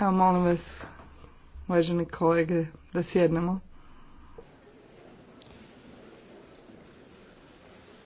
Evo molim vas, uvaženi kolege, da sjednemo.